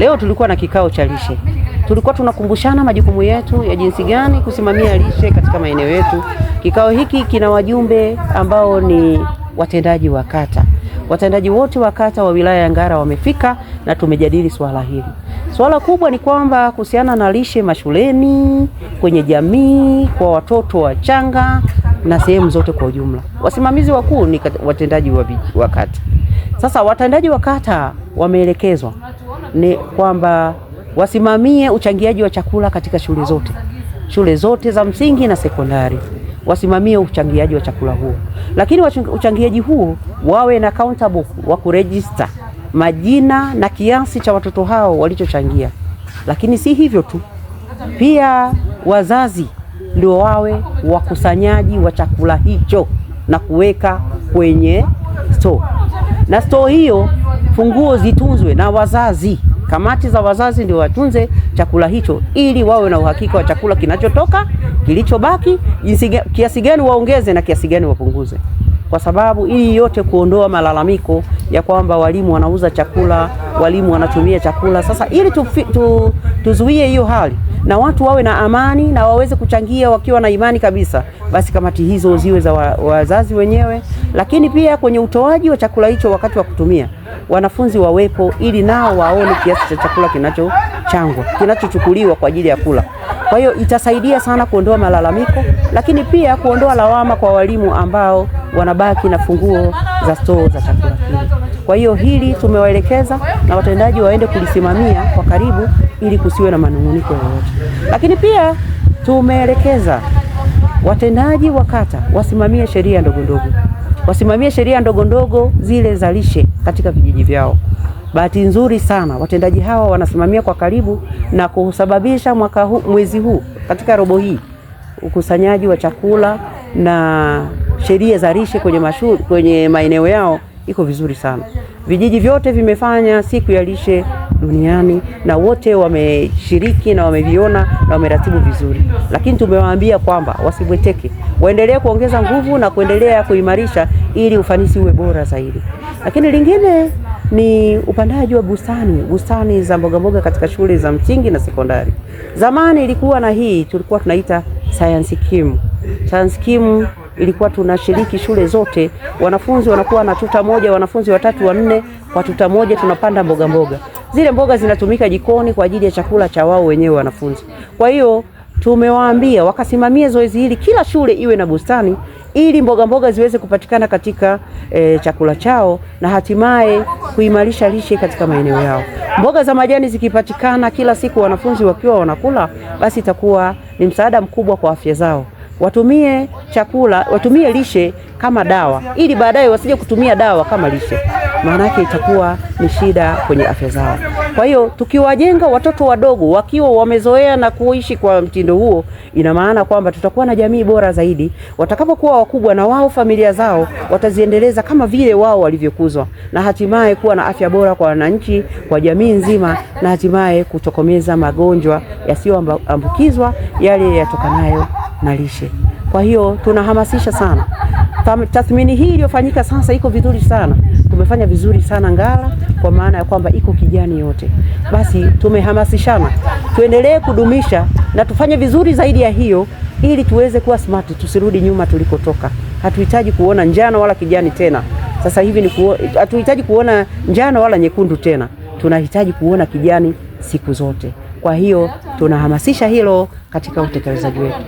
Leo tulikuwa na kikao cha lishe, tulikuwa tunakumbushana majukumu yetu ya jinsi gani kusimamia lishe katika maeneo yetu. Kikao hiki kina wajumbe ambao ni watendaji wa kata, watendaji wote wa kata wa wilaya ya Ngara wamefika na tumejadili swala hili. Swala kubwa ni kwamba kuhusiana na lishe mashuleni, kwenye jamii, kwa watoto wachanga na sehemu zote kwa ujumla. Wasimamizi wakuu ni watendaji wa kata. Sasa watendaji wa kata wameelekezwa ni kwamba wasimamie uchangiaji wa chakula katika shule zote, shule zote za msingi na sekondari wasimamie uchangiaji wa chakula huo, lakini uchangiaji huo wawe na accountable wa kurejista majina na kiasi cha watoto hao walichochangia. Lakini si hivyo tu, pia wazazi ndio wawe wakusanyaji wa chakula hicho na kuweka kwenye store, na store hiyo funguo zitunzwe na wazazi, kamati za wazazi ndio watunze chakula hicho, ili wawe na uhakika wa chakula kinachotoka, kilichobaki, kiasi gani waongeze na kiasi gani wapunguze, kwa sababu ili yote kuondoa malalamiko ya kwamba walimu wanauza chakula, walimu wanatumia chakula. Sasa ili tu, tu, tuzuie hiyo hali na watu wawe na amani na waweze kuchangia wakiwa na imani kabisa, basi kamati hizo ziwe za wazazi wenyewe, lakini pia kwenye utoaji wa chakula hicho wakati wa kutumia wanafunzi wawepo, ili nao waone kiasi cha chakula kinachochangwa kinachochukuliwa kwa ajili ya kula. Kwa hiyo itasaidia sana kuondoa malalamiko, lakini pia kuondoa lawama kwa walimu ambao wanabaki na funguo za stoo za chakula kile. Kwa hiyo hili tumewaelekeza na watendaji waende kulisimamia kwa karibu, ili kusiwe na manunguniko yoyote. Lakini pia tumeelekeza watendaji wa kata wasimamie sheria ndogo ndogo wasimamie sheria ndogo ndogo zile za lishe katika vijiji vyao. Bahati nzuri sana watendaji hawa wanasimamia kwa karibu na kusababisha mwaka huu, mwezi huu katika robo hii ukusanyaji wa chakula na sheria za lishe kwenye mashule, kwenye maeneo yao iko vizuri sana. Vijiji vyote vimefanya siku ya lishe duniani na wote wameshiriki na wameviona na wameratibu vizuri, lakini tumewaambia kwamba wasibweteke, waendelee kuongeza nguvu na kuendelea kuimarisha ili ufanisi uwe bora zaidi. Lakini lingine ni upandaji wa bustani, bustani za mbogamboga katika shule za msingi na sekondari. Zamani ilikuwa na hii tulikuwa tunaita science kimu. Science kimu ilikuwa tunashiriki shule zote, wanafunzi wanakuwa na tuta moja, wanafunzi watatu wanne kwa tuta moja, tunapanda mbogamboga mboga. Zile mboga zinatumika jikoni kwa ajili ya chakula cha wao wenyewe wanafunzi. Kwa hiyo tumewaambia wakasimamie zoezi hili, kila shule iwe na bustani ili mboga mboga ziweze kupatikana katika e, chakula chao na hatimaye kuimarisha lishe katika maeneo yao. Mboga za majani zikipatikana kila siku wanafunzi wakiwa wanakula, basi itakuwa ni msaada mkubwa kwa afya zao. Watumie chakula, watumie lishe kama dawa, ili baadaye wasije kutumia dawa kama lishe maana yake itakuwa ni shida kwenye afya zao. Kwa hiyo tukiwajenga watoto wadogo wakiwa wamezoea na kuishi kwa mtindo huo, ina maana kwamba tutakuwa na jamii bora zaidi. Watakapokuwa wakubwa, na wao familia zao wataziendeleza kama vile wao walivyokuzwa, na hatimaye kuwa na afya bora kwa wananchi, kwa jamii nzima, na hatimaye kutokomeza magonjwa yasiyoambukizwa yale yatokanayo na lishe. Kwa hiyo tunahamasisha sana. Tathmini hii iliyofanyika sasa iko vizuri sana tumefanya vizuri sana Ngara, kwa maana ya kwamba iko kijani yote. Basi tumehamasishana tuendelee kudumisha na tufanye vizuri zaidi ya hiyo, ili tuweze kuwa smart, tusirudi nyuma tulikotoka. Hatuhitaji kuona njano wala kijani tena sasa hivi ni kuo, hatuhitaji kuona njano wala nyekundu tena, tunahitaji kuona kijani siku zote. Kwa hiyo tunahamasisha hilo katika utekelezaji wetu.